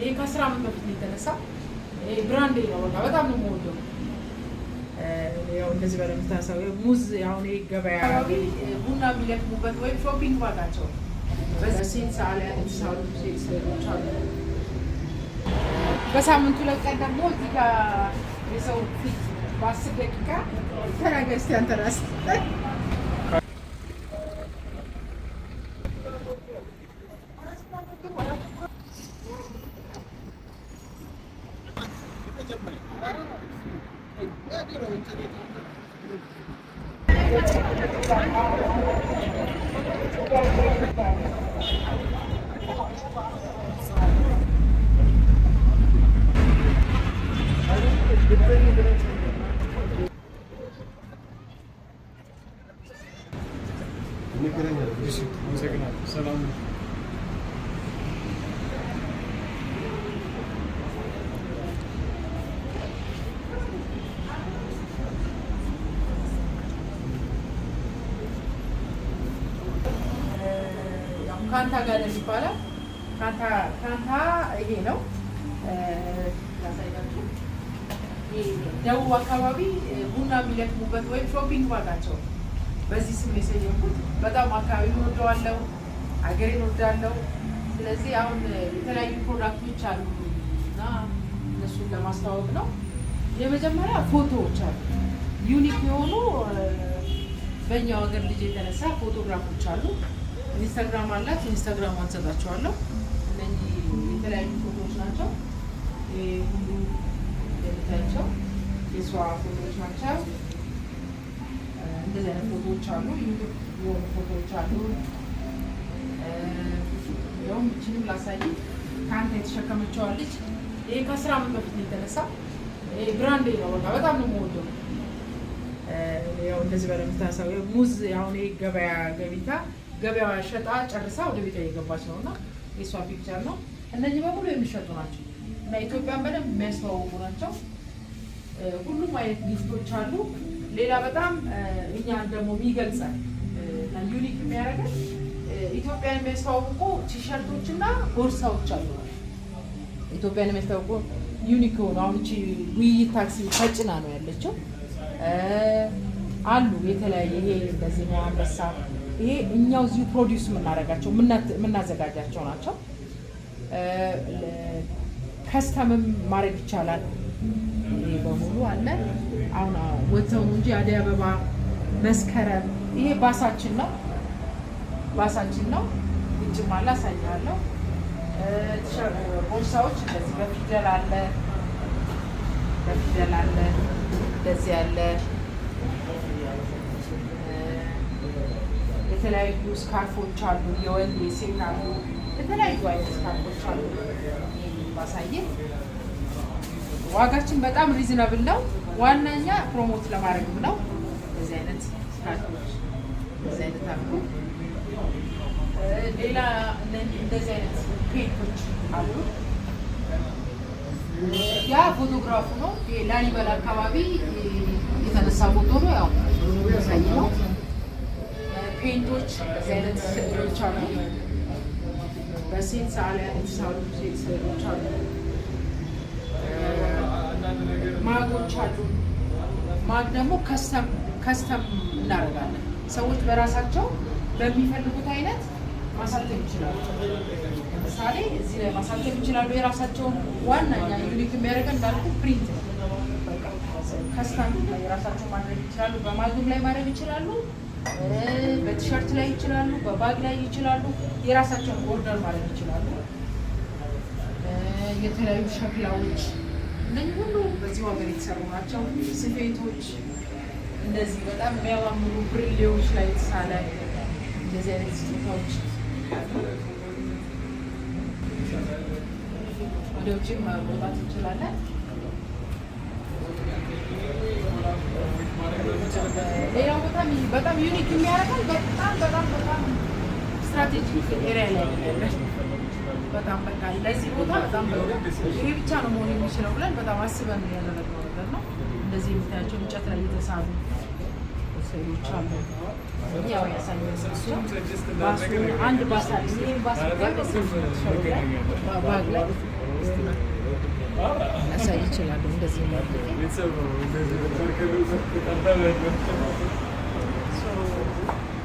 ይሄ ከአስር ዓመት በፊት ነው የተነሳ። ብራንድ ነው በቃ በጣም ነው የምወደው። ያው እንደዚህ በለምታሰብ ሙዝ አሁን ይሄ ገበያ ቡና የሚለቅሙበት ወይም ሾፒንግ ዋጋቸው በሴንስ አለ የተሳሉ ሴንሰሮች አሉ። በሳምንቱ ሁለት ደግሞ እዚህ ጋር የሰው ፊት በአስር ደቂቃ ተናገስቲያን ተናስ እሺ፣ አመሰግናለሁ። ሰላም ነው። ካንታ ጋር ነው ይባላል። ካንታ ካንታ ይሄ ነው ደቡብ አካባቢ ቡና የሚለቅሙበት ወይም ሾፒንግ ባጋቸው በዚህ ስም የሰየምኩት። በጣም አካባቢ ወደዋለሁ፣ ሀገሬን ወዳለሁ። ስለዚህ አሁን የተለያዩ ፕሮዳክቶች አሉ እና እነሱን ለማስተዋወቅ ነው። የመጀመሪያ ፎቶዎች አሉ፣ ዩኒክ የሆኑ በእኛው ሀገር ልጅ የተነሳ ፎቶግራፎች አሉ። ኢንስታግራም አላት፣ ኢንስታግራም አንሰጣቸዋለሁ። እነዚህ የተለያዩ ፎቶዎች ናቸው። ሁሉ እንደምታያቸው የሷ ፎቶዎች ናቸው። እንደዚህ አይነት ፎቶዎች አሉ፣ ዩቱብ የሆኑ ፎቶዎች አሉ። ያውም ይችንም ላሳይ ከአንተ የተሸከመችዋን ልጅ ይሄ ከአስር ዓመት በፊት የተነሳ ብራንድ ነው። በቃ በጣም ነው የምወደው። ያው እንደዚህ በለምታሳው ሙዝ አሁን ገበያ ገቢታ ገበያ ሸጣ ጨርሳ ወደ ቤቷ እየገባች ነው እና የእሷ ፒክቸር ነው። እነዚህ በሙሉ የሚሸጡ ናቸው እና ኢትዮጵያን በደንብ የሚያስተዋውቁ ናቸው። ሁሉም አይነት ጊፍቶች አሉ። ሌላ በጣም እኛን ደግሞ የሚገልጸን እና ዩኒክ የሚያደርገን ኢትዮጵያን የሚያስተዋውቁ ቲሸርቶች እና ቦርሳዎች አሉ። ኢትዮጵያን የሚያስተዋውቁ ዩኒክ ሆኑ። አሁን እቺ ውይይት ታክሲ ተጭና ነው ያለችው አሉ። የተለያየ ይሄ እንደዚህ ነው አንበሳ፣ ይሄ እኛው እዚሁ ፕሮዲውስ የምናደርጋቸው የምናዘጋጃቸው ናቸው። ከስተምም ማድረግ ይቻላል። ይሄ በሙሉ አለ። አሁን ወጥተው እንጂ አደይ አበባ መስከረም፣ ይሄ ባሳችን ነው ባሳችን ነው። እጅም አለ ቦርሳዎች እንደዚህ በፊደል አለ በፊደል አለ እንደዚህ የተለያዩ ስካርፎች አሉ፣ የወንድ የሴት አሉ፣ የተለያዩ አይነት ስካርፎች አሉ። ይህ ባሳየት ዋጋችን በጣም ሪዝናብል ነው። ዋናኛ ፕሮሞት ለማድረግም ነው። በዚህ አይነት በዚህ አይነት አሉ። ሌላ እንደዚህ አይነት ፔንቶች አሉ። ያ ፎቶግራፉ ነው። ላሊበላ አካባቢ የተነሳ ፎቶ ነው። ያው ያሳይ ነው። ፔንቶች በዚህ አይነት ስዕሎች አሉ። በሴት ሰዓሊያን የተሳሉ ሴት ስዕሎች አሉ። ማጎች አሉ። ማግ ደግሞ ከስተም ከስተም እናደርጋለን። ሰዎች በራሳቸው በሚፈልጉት አይነት ማሳተም ይችላሉ። ለምሳሌ እዚህ ላይ ማሳተም ይችላሉ። የራሳቸውን ዋናኛ ዩኒክ የሚያደርገን እንዳልኩ ፕሪንት ነው። ከስተም የራሳቸው ማድረግ ይችላሉ። በማግም ላይ ማድረግ ይችላሉ። በቲሸርት ላይ ይችላሉ። በባግ ላይ ይችላሉ። የራሳቸውን ኦርደር ማድረግ ይችላሉ። የተለያዩ ሸክላዎች እነዚህ ሁሉ በዚሁ ሀገር የተሰሩ ናቸው። ስፌቶች እንደዚህ በጣም የሚያማምሩ ብርሌዎች ላይ የተሳለ እንደዚህ አይነት ስጦታዎች ወደ ውጭ መውጣት እንችላለን። ሌላው በጣም በጣም ዩኒክ የሚያደርገን በጣም በጣም በጣም ስትራቴጂክ ኤሪያ ላይ ያለን በጣም በቃ ለዚህ ቦታ በጣም ይሄ ብቻ ነው መሆን የሚችለው ብለን በጣም አስበን ያደረግነው ነገር ነው። እንደዚህ የምታያቸው እንጨት ላይ የተሳሉ ሰዎች አሉ። ያው ያሳያል አንድ ባስ አለ። ባስ ላይ ያሳይ ይችላሉ። እንደዚህ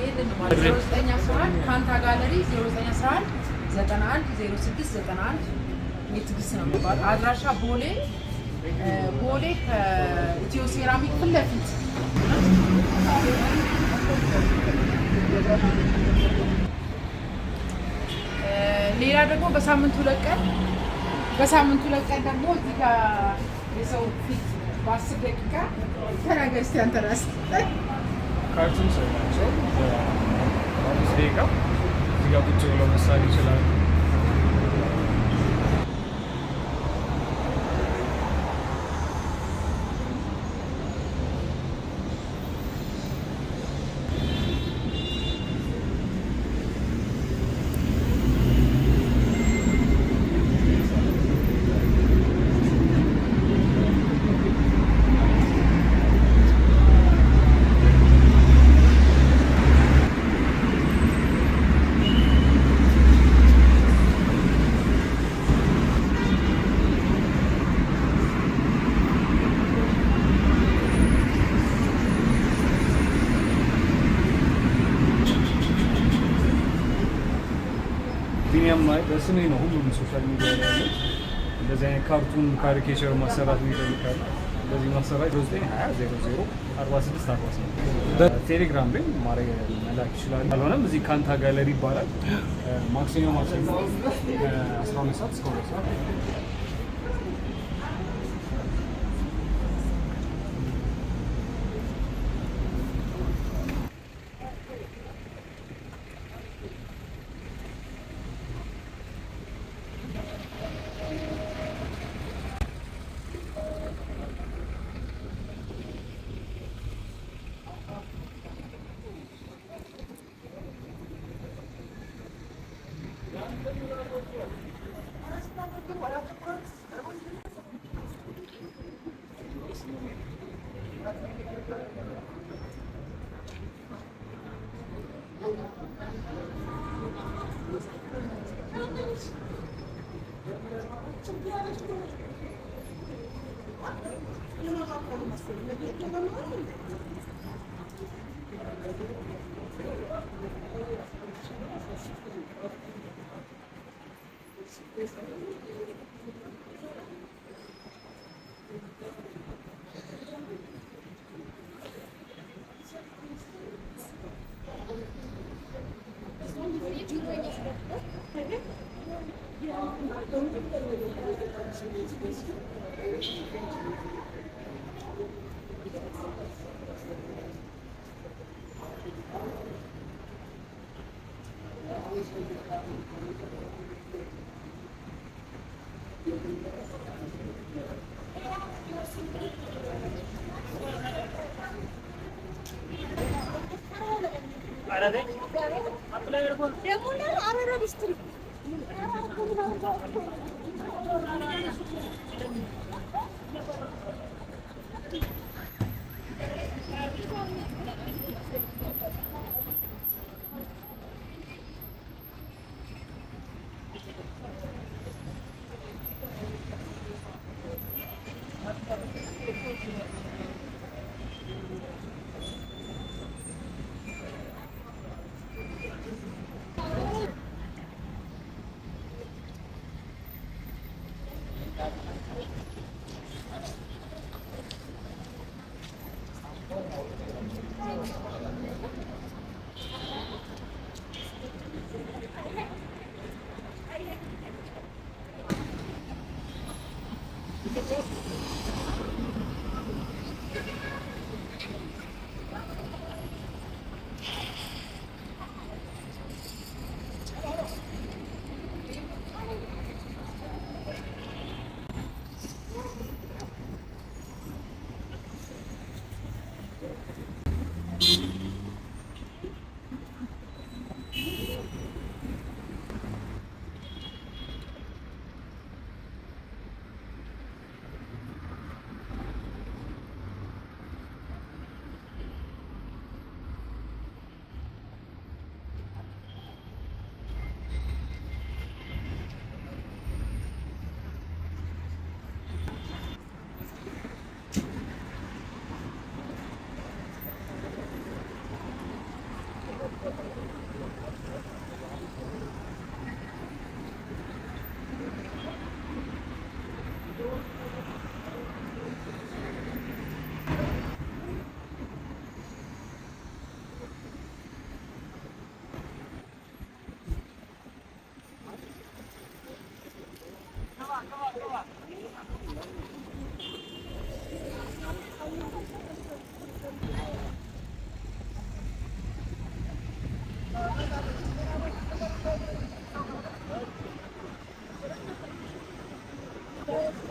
ይህንን ማለት 0911 ፋንታ ጋለሪ 0911 91 06 91 የትግስት ነው የሚባለው። አድራሻ ቦሌ ቦሌ ከኢትዮ ሴራሚክ ፊት ለፊት ሌላ ደግሞ በሳምንቱ ሁለት ቀን በሳምንት ደግሞ እዚህ የሰው ፊት በአስር ደቂቃ ተናገስቲያን ተነስ ካርቱን ሰው ናቸው Sofia, Bucciolo, Messaggi ተወስነኝ ነው ሁሉም ሶሻል ሚዲያ ላይ ያለው እንደዚህ አይነት ካርቱን ካሪኬቸር ማሰራት ይፈልጋል። እንደዚህ ማሰራት ዘጠኝ ሀያ ዜሮ ዜሮ አርባ ስድስት አርባ ስምንት ቴሌግራም ላይ ማድረግ መላክ ይችላል። አልሆነም እዚህ ካንታ ጋለሪ ይባላል። ማክሰኞ ማክሰኞ አስራ ሁለት ሰዓት እስከ ሁለት ሰዓት Thank you. అప్పుడే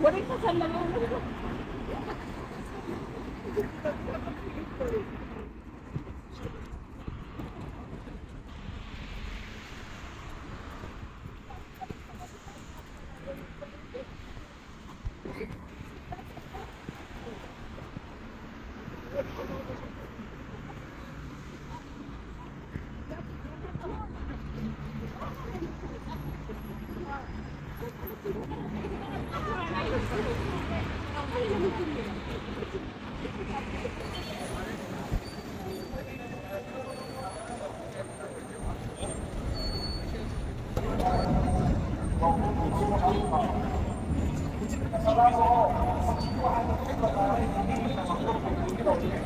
What are you doing?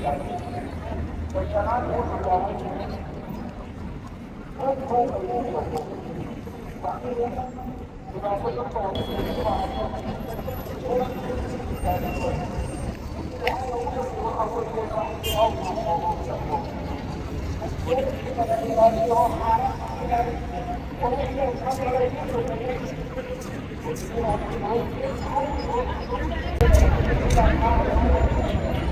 我这个是。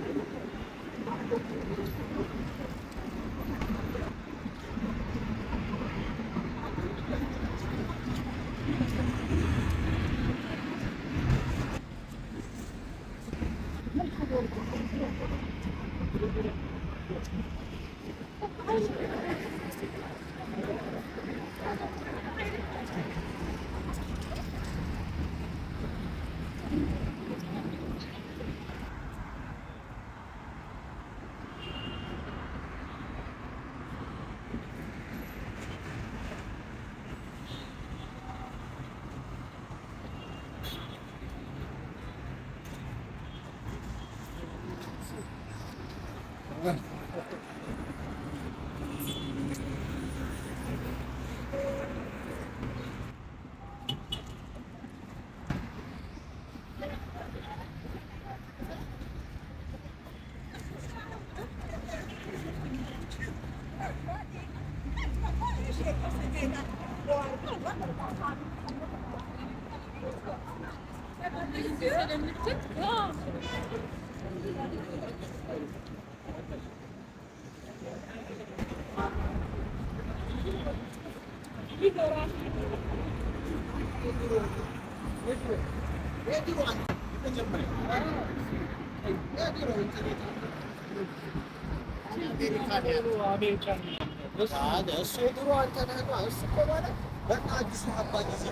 እሱ ድሮ አንተ ነህ። እሱ እኮ ማለት በቃ አዲሱ አባ ጊዜ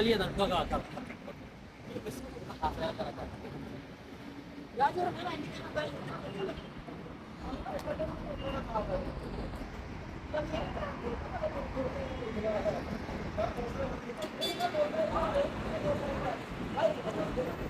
Малена богата. Thank you.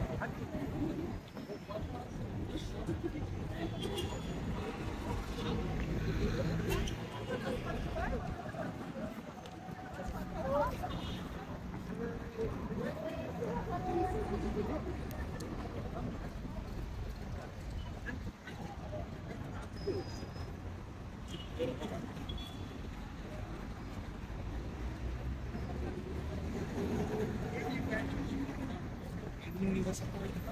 どうぞ。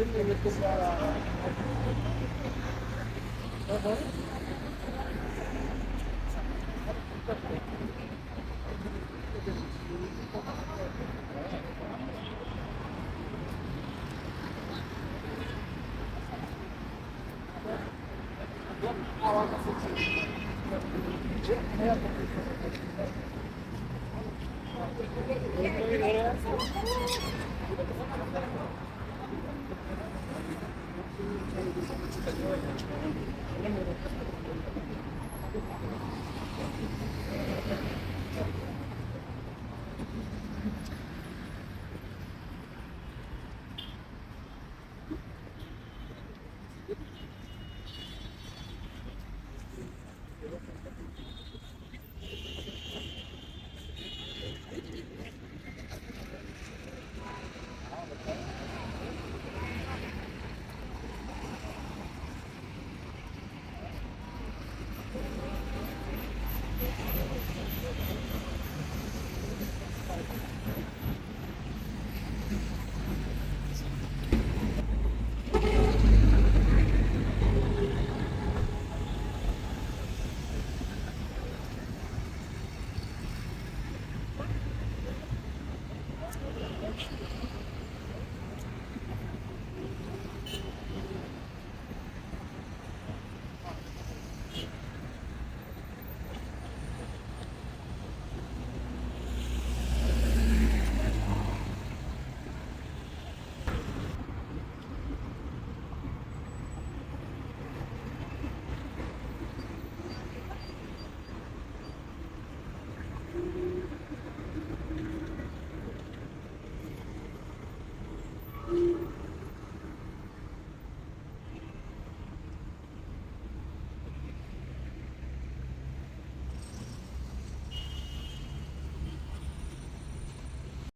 Thank you. Thank you.